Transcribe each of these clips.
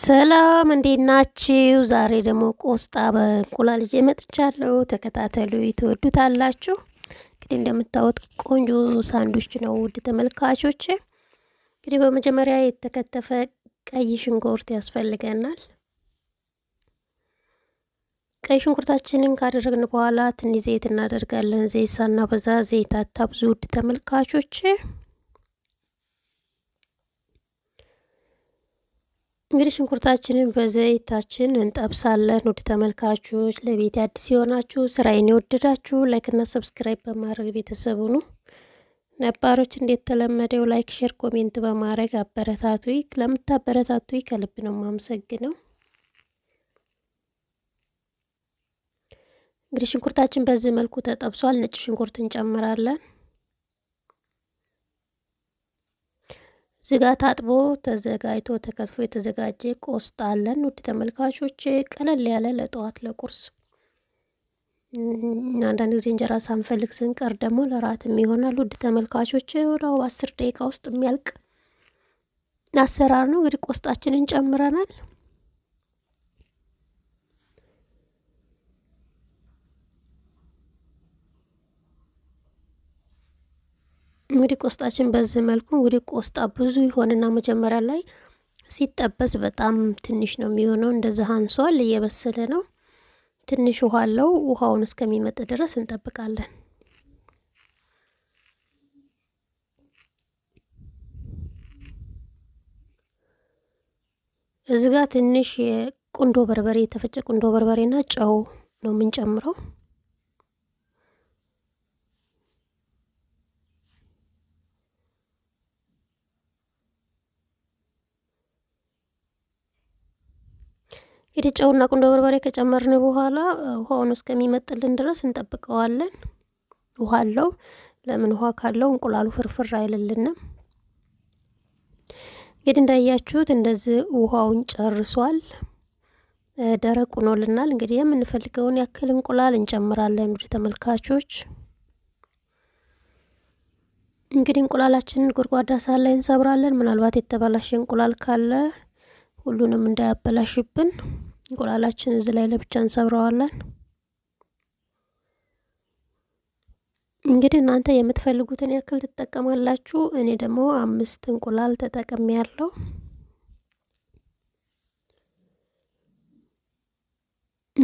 ሰላም እንዴት ናችሁ? ዛሬ ደግሞ ቆስጣ በእንቁላል ይዤ መጥቻለሁ። ተከታተሉ፣ ትወዱታላችሁ። እንግዲህ እንደምታወጥ ቆንጆ ሳንዱች ነው። ውድ ተመልካቾች፣ እንግዲህ በመጀመሪያ የተከተፈ ቀይ ሽንኩርት ያስፈልገናል። ቀይ ሽንኩርታችንን ካደረግን በኋላ ትንሽ ዘይት እናደርጋለን። ዘይት ሳናበዛ ዘይት አታብዙ ውድ ተመልካቾች። እንግዲህ ሽንኩርታችንን በዘይታችን እንጠብሳለን። ውድ ተመልካቾች ለቤት አዲስ የሆናችሁ ስራዬን የወደዳችሁ ላይክና ሰብስክራይብ በማድረግ ቤተሰቡ ነው። ነባሮች እንደተለመደው ላይክ፣ ሼር፣ ኮሜንት በማድረግ አበረታቱ። ለምታበረታቱ ከልብ ነው የማመሰግነው። እንግዲህ ሽንኩርታችን በዚህ መልኩ ተጠብሷል። ነጭ ሽንኩርት እንጨምራለን። ዝጋ ታጥቦ ተዘጋጅቶ ተከትፎ የተዘጋጀ ቆስጣ አለን። ውድ ተመልካቾች ቀለል ያለ ለጠዋት ለቁርስ አንዳንድ ጊዜ እንጀራ ሳንፈልግ ስንቀር ደግሞ ለራትም ይሆናል። ውድ ተመልካቾች ወደው በአስር ደቂቃ ውስጥ የሚያልቅ አሰራር ነው። እንግዲህ ቆስጣችንን ጨምረናል። እንግዲህ ቆስጣችን በዚህ መልኩ እንግዲህ ቆስጣ ብዙ ይሆንና መጀመሪያ ላይ ሲጠበስ በጣም ትንሽ ነው የሚሆነው። እንደዚህ አንሷል፣ እየበሰለ ነው። ትንሽ ውሃ አለው። ውሃውን እስከሚመጥ ድረስ እንጠብቃለን። እዚህ ጋር ትንሽ የቁንዶ በርበሬ የተፈጨ ቁንዶ በርበሬና ጨው ነው የምንጨምረው። እንግዲህ ጨውና ቁንዶ በርበሬ ከጨመርን በኋላ ውሃውን እስከሚመጥልን ድረስ እንጠብቀዋለን። ውሃ አለው። ለምን ውሃ ካለው እንቁላሉ ፍርፍር አይልልንም። እንግዲህ እንዳያችሁት እንደዚህ ውሃውን ጨርሷል፣ ደረቅ ሆኖልናል። እንግዲህ የምንፈልገውን ያክል እንቁላል እንጨምራለን። ወደ ተመልካቾች እንግዲህ እንቁላላችንን ጎድጓዳ ሳህን ላይ እንሰብራለን። ምናልባት የተበላሸ እንቁላል ካለ ሁሉንም እንዳያበላሽብን እንቁላላችን እዚህ ላይ ለብቻ እንሰብረዋለን። እንግዲህ እናንተ የምትፈልጉትን ያክል ትጠቀማላችሁ። እኔ ደግሞ አምስት እንቁላል ተጠቅሜ ያለው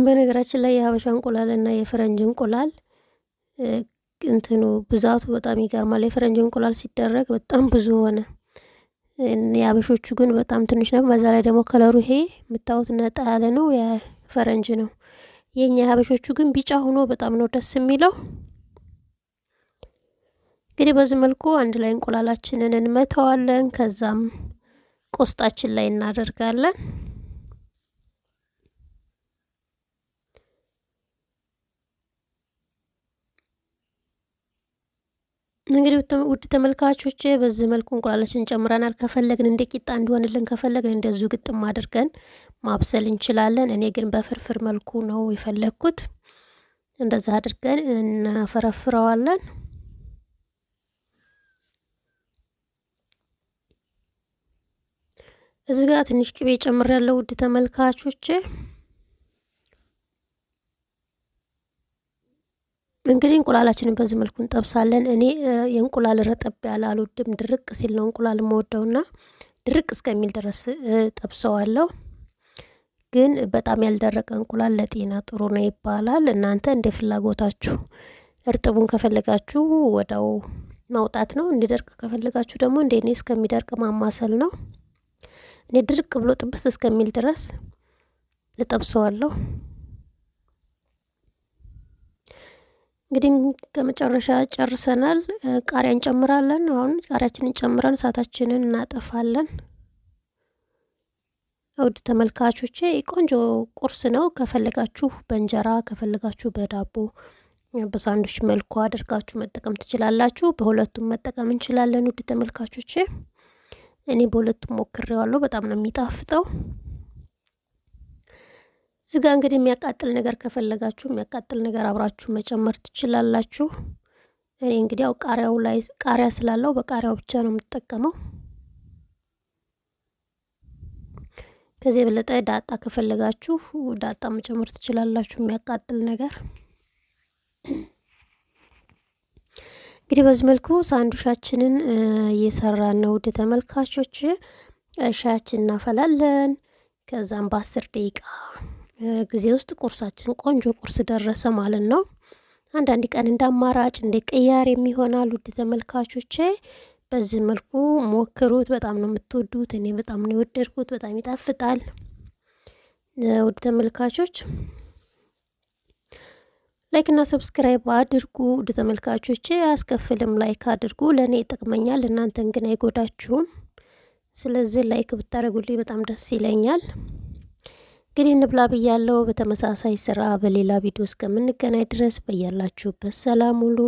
በነገራችን ላይ የሀበሻ እንቁላል እና የፈረንጅ እንቁላል እንትኑ ብዛቱ በጣም ይገርማል። የፈረንጅ እንቁላል ሲደረግ በጣም ብዙ ሆነ። የአበሾቹ ግን በጣም ትንሽ ነው። በዛ ላይ ደግሞ ከለሩ ይሄ የምታዩት ነጣ ያለ ነው፣ የፈረንጅ ነው። የኛ የአበሾቹ ግን ቢጫ ሆኖ በጣም ነው ደስ የሚለው። እንግዲህ በዚህ መልኩ አንድ ላይ እንቁላላችንን እንመተዋለን። ከዛም ቆስጣችን ላይ እናደርጋለን። እንግዲህ ውድ ተመልካቾች በዚህ መልኩ እንቁላላችን ጨምረናል። ከፈለግን እንደ ቂጣ እንዲሆንልን ከፈለግን እንደዚሁ ግጥም አድርገን ማብሰል እንችላለን። እኔ ግን በፍርፍር መልኩ ነው የፈለግኩት። እንደዛ አድርገን እናፈረፍረዋለን። እዚህ ጋር ትንሽ ቅቤ ጨምሬያለሁ ውድ ተመልካቾች እንግዲህ እንቁላላችንን በዚህ መልኩ እንጠብሳለን። እኔ የእንቁላል ረጠብ ያለ አልወድም። ድርቅ ሲል ነው እንቁላል መወደውና ድርቅ እስከሚል ድረስ ጠብሰዋለሁ። ግን በጣም ያልደረቀ እንቁላል ለጤና ጥሩ ነው ይባላል። እናንተ እንደ ፍላጎታችሁ እርጥቡን ከፈለጋችሁ ወዳው ማውጣት ነው። እንዲደርቅ ከፈለጋችሁ ደግሞ እንደ እኔ እስከሚደርቅ ማማሰል ነው። እኔ ድርቅ ብሎ ጥብስ እስከሚል ድረስ እጠብሰዋለሁ። እንግዲህ ከመጨረሻ ጨርሰናል። ቃሪያ እንጨምራለን። አሁን ቃሪያችንን ጨምረን እሳታችንን እናጠፋለን። ውድ ተመልካቾቼ ቆንጆ ቁርስ ነው። ከፈለጋችሁ በእንጀራ ከፈለጋችሁ በዳቦ በሳንዱች መልኩ አድርጋችሁ መጠቀም ትችላላችሁ። በሁለቱም መጠቀም እንችላለን። ውድ ተመልካቾቼ እኔ በሁለቱም ሞክሬዋለሁ። በጣም ነው የሚጣፍጠው። እዚህ ጋር እንግዲህ የሚያቃጥል ነገር ከፈለጋችሁ የሚያቃጥል ነገር አብራችሁ መጨመር ትችላላችሁ። እኔ እንግዲህ ያው ቃሪያው ላይ ቃሪያ ስላለው በቃሪያው ብቻ ነው የምጠቀመው። ከዚህ የበለጠ ዳጣ ከፈለጋችሁ ዳጣ መጨመር ትችላላችሁ፣ የሚያቃጥል ነገር። እንግዲህ በዚህ መልኩ ሳንዱሻችንን እየሰራን ነው። ውድ ተመልካቾች ሻያችን እናፈላለን። ከዛም በአስር ደቂቃ ጊዜ ውስጥ ቁርሳችን ቆንጆ ቁርስ ደረሰ ማለት ነው። አንዳንድ ቀን እንደ አማራጭ እንደ ቅያር የሚሆናል። ውድ ተመልካቾቼ በዚህ መልኩ ሞክሩት። በጣም ነው የምትወዱት። እኔ በጣም ነው የወደድኩት። በጣም ይጣፍጣል። ውድ ተመልካቾች ላይክ እና ሰብስክራይብ አድርጉ። ውድ ተመልካቾቼ አስከፍልም ላይክ አድርጉ፣ ለእኔ ይጠቅመኛል፣ እናንተን ግን አይጎዳችሁም። ስለዚህ ላይክ ብታደርጉልኝ በጣም ደስ ይለኛል። እንግዲህ እንብላ ብያለው። በተመሳሳይ ስራ በሌላ ቪዲዮ እስከምንገናኝ ድረስ በያላችሁበት ሰላም ሁሉ